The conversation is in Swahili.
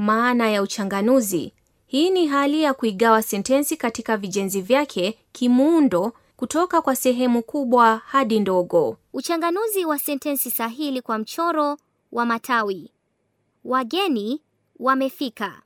Maana ya uchanganuzi. Hii ni hali ya kuigawa sentensi katika vijenzi vyake kimuundo kutoka kwa sehemu kubwa hadi ndogo. Uchanganuzi wa sentensi sahili kwa mchoro wa matawi. Wageni wamefika.